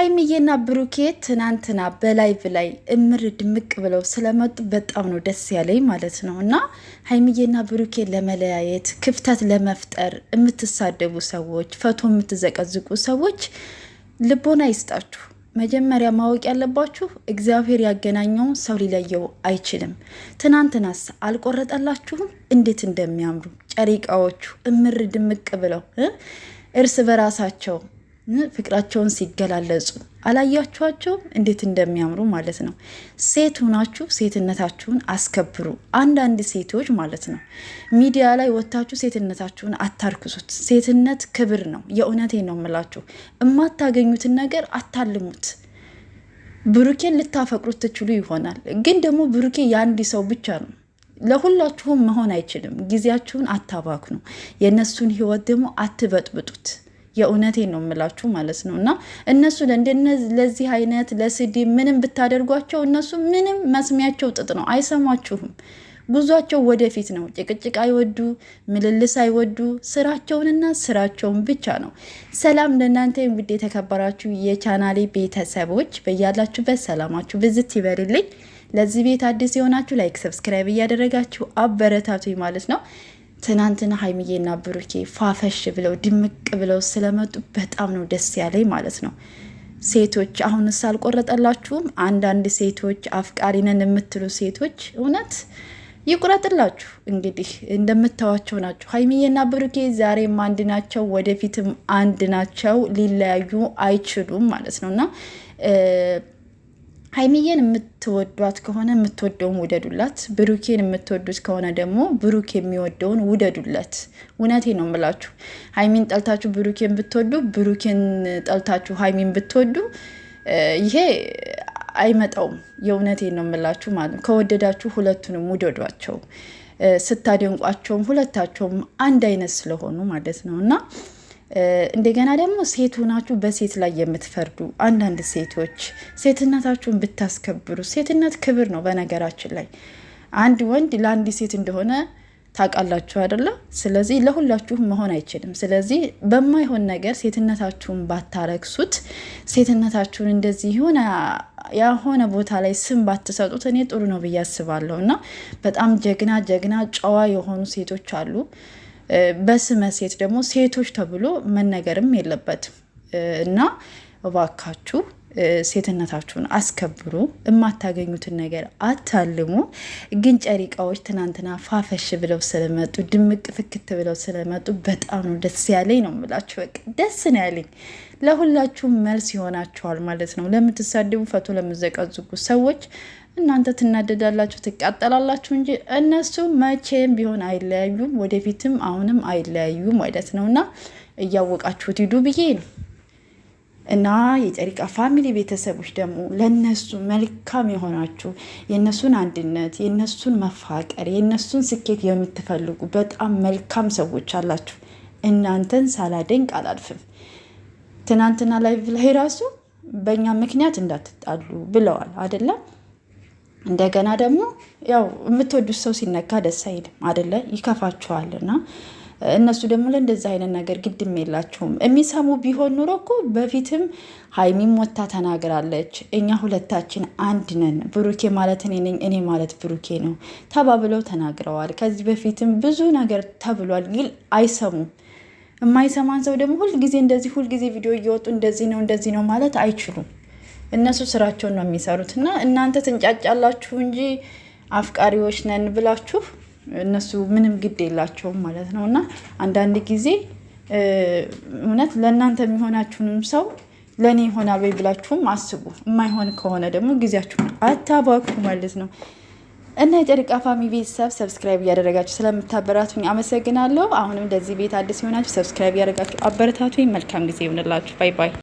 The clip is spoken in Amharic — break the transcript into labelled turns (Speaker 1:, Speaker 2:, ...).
Speaker 1: ሀይሚዬና ብሩኬ ትናንትና በላይቭ ላይ እምር ድምቅ ብለው ስለመጡ በጣም ነው ደስ ያለኝ ማለት ነው። እና ሀይሚዬና ብሩኬ ለመለያየት ክፍተት ለመፍጠር የምትሳደቡ ሰዎች፣ ፈቶ የምትዘቀዝቁ ሰዎች ልቦና ይስጣችሁ። መጀመሪያ ማወቅ ያለባችሁ እግዚአብሔር ያገናኘውን ሰው ሊለየው አይችልም። ትናንትናስ አልቆረጠላችሁም? እንዴት እንደሚያምሩ ጨሪቃዎቹ እምር ድምቅ ብለው እርስ በራሳቸው ፍቅራቸውን ሲገላለጹ አላያችኋቸው? እንዴት እንደሚያምሩ ማለት ነው። ሴት ሆናችሁ ሴትነታችሁን አስከብሩ። አንዳንድ ሴቶች ማለት ነው ሚዲያ ላይ ወጥታችሁ ሴትነታችሁን አታርክሱት። ሴትነት ክብር ነው። የእውነቴ ነው የምላችሁ። የማታገኙትን ነገር አታልሙት። ብሩኬን ልታፈቅሩት ትችሉ ይሆናል፣ ግን ደግሞ ብሩኬ የአንድ ሰው ብቻ ነው። ለሁላችሁም መሆን አይችልም። ጊዜያችሁን አታባክኑ። የእነሱን ህይወት ደግሞ አትበጥብጡት። የእውነቴ ነው የምላችሁ ማለት ነው። እና እነሱ ለዚህ አይነት ለስዲ ምንም ብታደርጓቸው እነሱ ምንም መስሚያቸው ጥጥ ነው፣ አይሰማችሁም። ጉዟቸው ወደፊት ነው። ጭቅጭቅ አይወዱ፣ ምልልስ አይወዱ። ስራቸውንና ስራቸውን ብቻ ነው። ሰላም ለእናንተ ውድ የተከበራችሁ የቻናሌ ቤተሰቦች፣ በያላችሁበት ሰላማችሁ ብዝት ይበርልኝ። ለዚህ ቤት አዲስ የሆናችሁ ላይክ፣ ሰብስክራይብ እያደረጋችሁ አበረታቱኝ ማለት ነው። ትናንትና ሀይሚዬና ብሩኬ ፋፈሽ ብለው ድምቅ ብለው ስለመጡ በጣም ነው ደስ ያለኝ ማለት ነው። ሴቶች አሁንስ አልቆረጠላችሁም? አንዳንድ ሴቶች አፍቃሪነን የምትሉ ሴቶች እውነት ይቁረጥላችሁ። እንግዲህ እንደምታዋቸው ናቸው። ሀይሚዬና ብሩኬ ዛሬም አንድ ናቸው፣ ወደፊትም አንድ ናቸው። ሊለያዩ አይችሉም ማለት ነው እና ሀይሚዬን የምትወዷት ከሆነ የምትወደውን ውደዱላት። ብሩኬን የምትወዱት ከሆነ ደግሞ ብሩክ የሚወደውን ውደዱለት። እውነቴ ነው የምላችሁ። ሀይሚን ጠልታችሁ ብሩኬን ብትወዱ፣ ብሩኬን ጠልታችሁ ሀይሚን ብትወዱ ይሄ አይመጣውም። የእውነቴ ነው የምላችሁ ማለት ነው። ከወደዳችሁ ሁለቱንም ውደዷቸው። ስታደንቋቸውም ሁለታቸውም አንድ አይነት ስለሆኑ ማለት ነው እና እንደገና ደግሞ ሴት ሆናችሁ በሴት ላይ የምትፈርዱ አንዳንድ ሴቶች ሴትነታችሁን ብታስከብሩ፣ ሴትነት ክብር ነው። በነገራችን ላይ አንድ ወንድ ለአንድ ሴት እንደሆነ ታውቃላችሁ አይደለ? ስለዚህ ለሁላችሁም መሆን አይችልም። ስለዚህ በማይሆን ነገር ሴትነታችሁን ባታረክሱት፣ ሴትነታችሁን እንደዚህ ሆነ የሆነ ቦታ ላይ ስም ባትሰጡት እኔ ጥሩ ነው ብዬ አስባለሁ። እና በጣም ጀግና ጀግና ጨዋ የሆኑ ሴቶች አሉ በስመ ሴት ደግሞ ሴቶች ተብሎ መነገርም የለበትም እና እባካችሁ ሴትነታችሁን አስከብሩ። የማታገኙትን ነገር አታልሙ። ግን ጨሪቃዎች ትናንትና ፋፈሽ ብለው ስለመጡ ድምቅ ፍክት ብለው ስለመጡ በጣም ነው ደስ ያለኝ ነው የምላችሁ። በቃ ደስ ነው ያለኝ። ለሁላችሁም መልስ ይሆናችኋል ማለት ነው። ለምትሳደቡ፣ ፈቶ ለምዘቀዝቁ ሰዎች እናንተ ትናደዳላችሁ፣ ትቃጠላላችሁ እንጂ እነሱ መቼም ቢሆን አይለያዩም፣ ወደፊትም አሁንም አይለያዩም ማለት ነው። እና እያወቃችሁት ሂዱ ብዬ ነው። እና የጨሪቃ ፋሚሊ ቤተሰቦች ደግሞ ለነሱ መልካም የሆናችሁ የእነሱን አንድነት፣ የእነሱን መፋቀር፣ የእነሱን ስኬት የምትፈልጉ በጣም መልካም ሰዎች አላችሁ። እናንተን ሳላደንቅ አላልፍም። ትናንትና ላይቭ ላይ ራሱ በእኛ ምክንያት እንዳትጣሉ ብለዋል አይደለም። እንደገና ደግሞ ያው የምትወዱት ሰው ሲነካ ደስ አይልም አደለ ይከፋችኋል። እና እነሱ ደግሞ ለእንደዚህ አይነት ነገር ግድም የላቸውም። የሚሰሙ ቢሆን ኑሮ እኮ በፊትም ሀይሚም ወታ ተናግራለች። እኛ ሁለታችን አንድ ነን፣ ብሩኬ ማለት እኔ ነኝ፣ እኔ ማለት ብሩኬ ነው ተባብለው ተናግረዋል። ከዚህ በፊትም ብዙ ነገር ተብሏል፣ ግን አይሰሙም። የማይሰማን ሰው ደግሞ ሁልጊዜ እንደዚህ ሁልጊዜ ቪዲዮ እየወጡ እንደዚህ ነው እንደዚህ ነው ማለት አይችሉም። እነሱ ስራቸውን ነው የሚሰሩት እና እናንተ ትንጫጫላችሁ እንጂ አፍቃሪዎች ነን ብላችሁ እነሱ ምንም ግድ የላቸውም ማለት ነው። እና አንዳንድ ጊዜ እውነት ለእናንተ የሚሆናችሁንም ሰው ለእኔ ይሆናል ወይ ብላችሁም አስቡ። የማይሆን ከሆነ ደግሞ ጊዜያችሁ አታባኩ ማለት ነው። እና የጨርቃ ፋሚ ቤተሰብ ሰብስክራይብ እያደረጋችሁ ስለምታበራቱኝ አመሰግናለሁ። አሁንም ለዚህ ቤት አዲስ የሆናችሁ ሰብስክራይብ እያደረጋችሁ አበረታቱኝ። መልካም ጊዜ ይሆንላችሁ። ባይ ባይ።